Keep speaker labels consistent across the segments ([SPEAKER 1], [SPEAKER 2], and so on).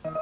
[SPEAKER 1] Thank you.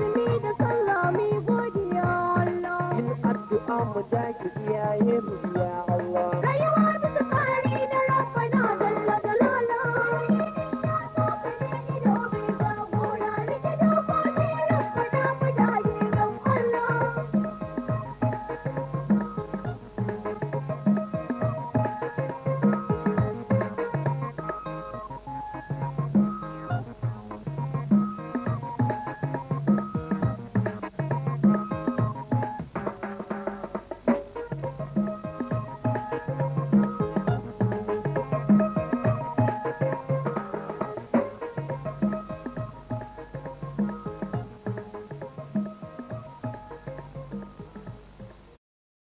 [SPEAKER 2] mu taki iyaye mu ya